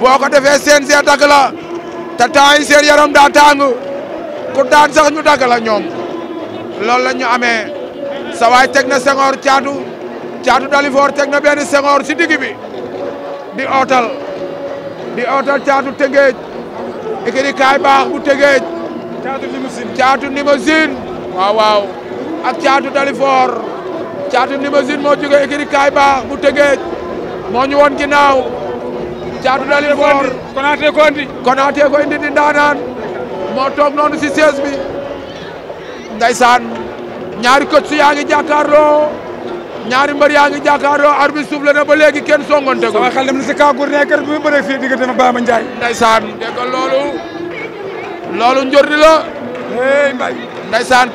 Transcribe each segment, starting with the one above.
boo ko defee seen see dagg la seen yaram daa tàng ku sax ñu dagg la ñoom loolu la ñu amee sa waay teg na sengoor caatu caatu dalifoor teg na benn sengoor si digg bi di ootal di ootal caatu tëngeej ikiri kaay baax bu caatu limousine caatu limousine waaw waaw ak caatu dalifoor caatu kaay baax bu tëngeej moo ñu woon jaadu na leen boor Konaté di ndaanaan moo toog noonu si siège bi saan ñaari coach yaa ngi jàkkaarloo ñaari mbër yaa ngi jàkkaarloo arbitre souffle na ba léegi kenn songonte ko sama xel dem na si kaagur ne kër bi mu bëree fii diggante ma Bama Ndiaye ndaysaan dégg loolu loolu njordi la hey mbay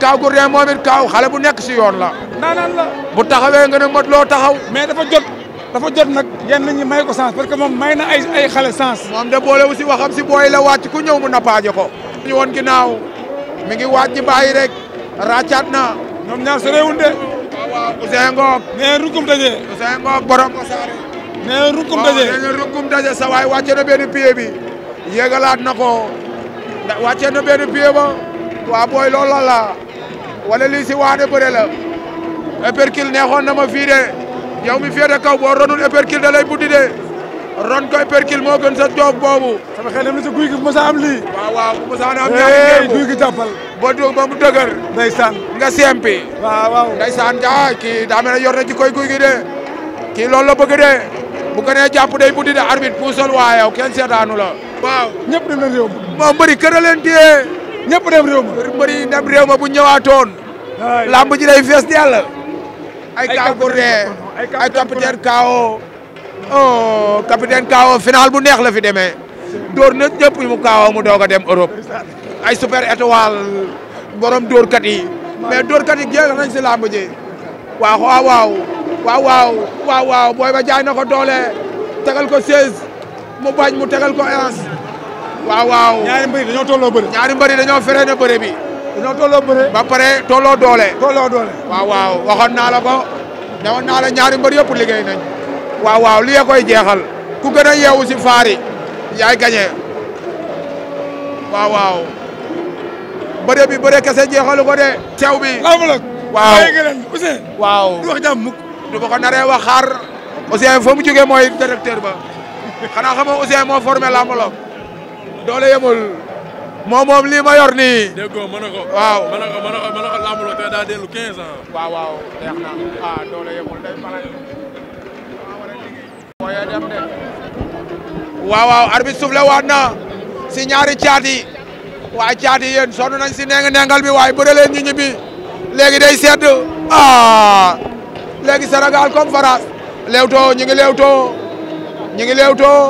kaagur ne moom it kaaw xale bu nekk si yoon la naanaan la bu taxawee nga ne mot loo taxaw mais dafa jot dafa jot nag yenn ñi may ko sens parce que moom may na ay ay xale sens. moom de boole wu si waxam si booy la wàcc ku ñëw mu nappaaje ko. ñu woon ginnaaw mi ngi waaj ji bàyyi rek ràccaat na. ñoom ñaar soriwul de. Ah, nee rukkum daje. Ousseyn borom ko saare. nee rukkum daje waaw nee sa waay wàcce na benn pied bi. yéegalaat na ko ndax wàcce na benn pied ba. waa booy loolu wala lii si waane bëre la. percule neexoon ma fii yow mi féete kaw boo ronul épercule da lay de ron ko épercule moo gën sa joof boobu. sama xel dem na sa guy gi bu ma saa am lii. waaw bu ma saa am ñaari guy ba du ba mu dëgër. nga sempi. waaw waaw ndeysaan ah kii daa yor na ci koy guy gi de kii loolu la bëgg de bu ko nee jàpp day buddi de arbitre puusal waa yow kenn seetaanu la. waaw ñëpp dem leen réew ma. moo mbëri kër a leen téye. ñëpp dem réew ma. mbëri dem réew ma bu ñëwaatoon. lamb ay capitaine K.O. oh capitaine K.O final bu neex la fi demee dóor na ñëpp mu K.O mu doog dem Europe ay super étoile borom dóorkat yi mais dóorkat yi jeex nañ si làmb ji waaw waaw waaw waaw waaw waaw waaw booy ba jaay na ko doole tegal ko 16 mu bañ mu tegal ko 11 waaw waaw. ñaari dañoo tolloo bëre. ñaari mbëri dañoo feree na bëre bi. ba pare tolloo doole. tolloo doole. waaw waaw ko. newoon naa la ñaari mbër yëpp liggéey nañ waaw waaw li koy jeexal ku gën a yeewu si yaay gañe waaw waaw bëre bi bëre kese ko de sew bi lamb waaw waaw du wax jàmm mukk du fa mu jógee mooy ba xanaa xam nga Ousseyn moo formé doole yemul moom moom lii ma yor nii. déggoo mën na ko. waaw mën na waaw waaw deex na ah, waat na si ñaari caat yi waaye caat yi nañ si neng-nengal bi waaye bëre leen ñu ñibbi léegi day sedd ah léegi Sénégal comme France Leewtoo ñu ngi Leewtoo ñu ngi Leewtoo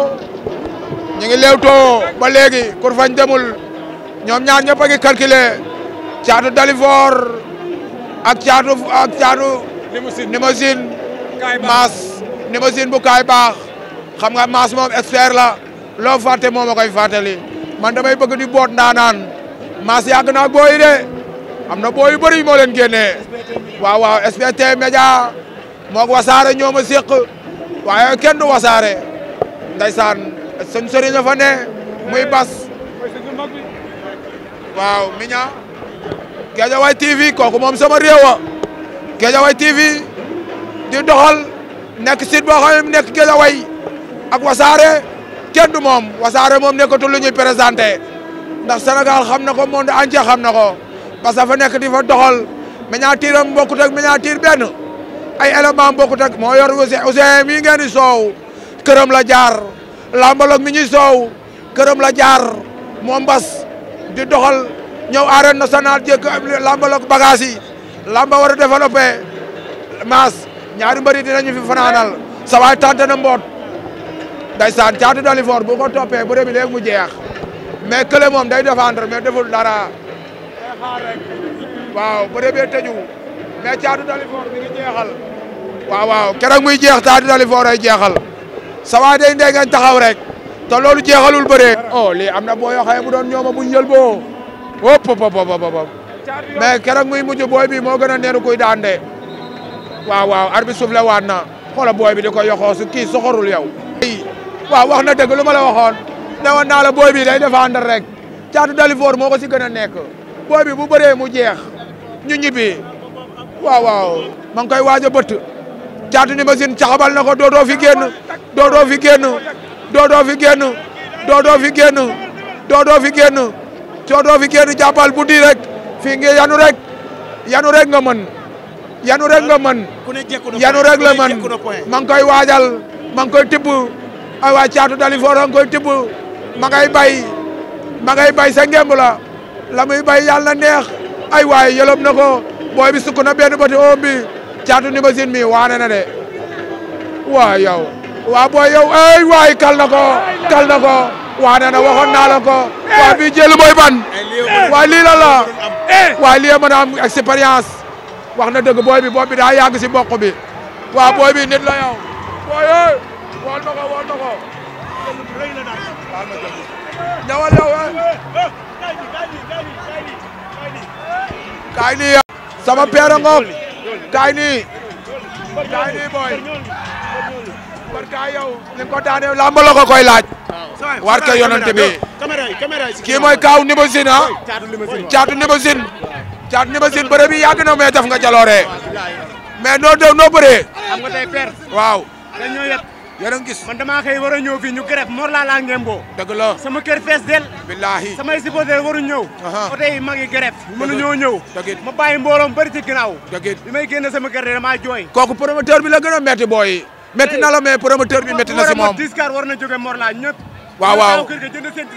ñu ngi Leewtoo ba léegi kur demul. ñoom ñaar ñëpp a ngi caatu Dalifor ak caatu ak maas limousine bu kaay baax. xam nga maas moom expert la loo fàtte moom a koy fàttali man damay bëgg di boot ndaanaan maas yàgg naa booyi de am na booyu bëri moo leen génnee waaw waaw SBT Média moog wasaare ñoo ma séq waaye kenn wasaare ndeysaan sëñ fa ne muy bas waaw Miña Guédiawaye TV kooku moom sama réew a Guédiawaye TV di doxal nekk site boo xam ne nekk Guédiawaye ak wasaare kenn du moom wasaare moom nekkatul lu ñuy présenté ndax Sénégal xam na ko monde entier xam na ko parce que fa nekk di fa doxal miniature am bokkut ak miniature benn ay élément bokkut ak moo yor Ousseyn mi ngeen di soow këram la jaar lambaloog mi ñuy soow këram la jaar moo mbas di doxal ñëw arène nationale jékki lamba la bagage lamba war a développé maas ñaari mbëri dinañu fi fanaanal sa waay tante na mboot ndeysaan caatu dalifoor bu ko toppee bu mu jeex mais kële moom day défendre mais deful dara waaw bu demee tëju mais caatu dalifoor mi ngi jeexal waaw waaw keroog muy jeex caatu dalifoor ay jeexal sa waay day ndey ngeen rek te loolu jeexalul bëree oh lii am na boo yoo xaye bu doon ñooma buñ jël boo wop pop pop mais keroog muy mujj booy bi moo gën a neeru kuy daan de waaw waaw arbitre suuf la waat na xoola booy bi di ko yoxoosu kii soxorul yow waaw wax na dëgg lu ma la waxoon ne woon naa la booy bi day défendre rek caatu dalifoor moo ko si gën a nekk booy bi bu bëree mu jeex ñu ñibbi waaw waaw ma ngi koy waaj a bëtt caatu ni machine caxabal na ko doodoo fi génn doodoo fi doodoo fi génn doodoo fi génn doodoo fi génn doodoo fi rek fii ngi yanu rek yanu rek nga mën yanu rek nga mën rek la mën ma ngi koy waajal ma ko koy tibb ay waa caatu Dalifor a ngi koy tibb ma ngay bay ma ngay bay sa ngemb la la bay yàlla neex ay waay yëlëb na ko booy bi sukk na benn bati oom caatu ni mi waane na waa yow waa booy yow ay na ko kal na ko waa nee na naa la ko waa bii jëlu ban waa lii la la waa lii mën expérience wax na dëgg booy bi bopp bi daa yàgg si mboq bi waa booy bi nit la kaay nii sama père ngoog kaay nii kaay nii booy parce que yow li ko daanee lamb la ko koy laaj. war ko yonante bi kii mooy kaaw Nimozine ah. caatu caatu Nimozine bëre bi yàgg na mais def nga jalooree. mais noo doo nga tey père. waaw. dañ ñoo yet. yéen a ngi gis man damaa xëy war a ñëw fii ñu gref Mor laa laa ngemboo. dëgg la sama kër fees del. billaahi samay supporters waru ñëw. oto yi mag yi gref mënuñoo ma bàyyi mbooloom bëri ci ginnaaw. dëgg li sama kër de damaa jooy. kooku promoteur bi la gën a metti booy métti na la mais promoteur bi métti na si moom. Discar war na jóge Morla ñëpp. waaw waaw kër ga jënd seen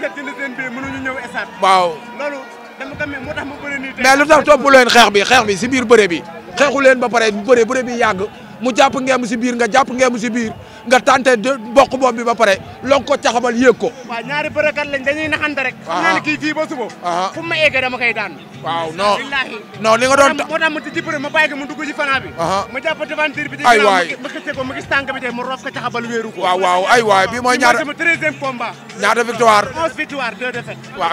waaw loolu dama ko moo tax mu bëri nii. mais lu tax topp leen xeex bi xeex bi si biir bëre bi xeexu leen ba pare bëre bëre bi yàgg mu jàpp ngeem si biir nga jàpp ngeem si biir nga tànte bokk moom bi ba pare loo ko caxabal yéeg ko. waaw ñaari bërëkat lañ dañuy naxante rek. xam naa ne kii fii ba suba. fu ma eggee dama koy daan. waaw non non li nga doon. moo tax ma ci bëre mu dugg ci fanaa bi. bi. ay waay ma xëcce ko ko waaw waaw ay waay bi mooy ñaar ñaata victoire. onze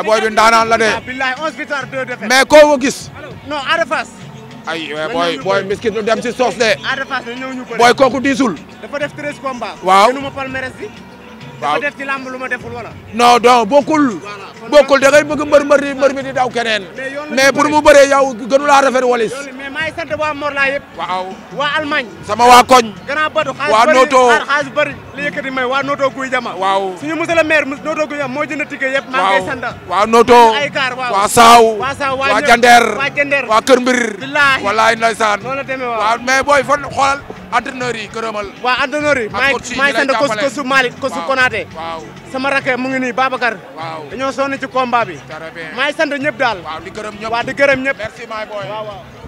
booy bi ndaanaan la de. bilaay koo ko gis. non ay eh, booy booy miskit lu dem si soos de. booy kooku diisul. def treize combats. waaw gënuma palmarès bi. waaw dafa def ci làmb lu ma deful wala. non non bokkul. mi di daw keneen. mais pour mu bëree yow gënu laa rafet walis maa ngi sant waa Morla yëpp. waaw waa Allemagne. sama waa koñ. gannaaw Badou xaalis bëri waa xaalis bëri li yëkkati may waa Noto Guy Jama. waaw suñu monsieur le maire Noto Guy Jama moo jënd Saaw. waa Jandeer waa Jandeer waa Kër billaahi wallaahi ndeysaan. noonu la demee waaw mais booy fan xoolal. entraîneur yi gërëmal. waaw entraîneur yi maa ngi maa kos kosu Malick kosu Konaté. sama rakk mu ngi nii Babacar. waaw dañoo sonn ci combat bi. maa ngi sant daal. waaw di gërëm ñëpp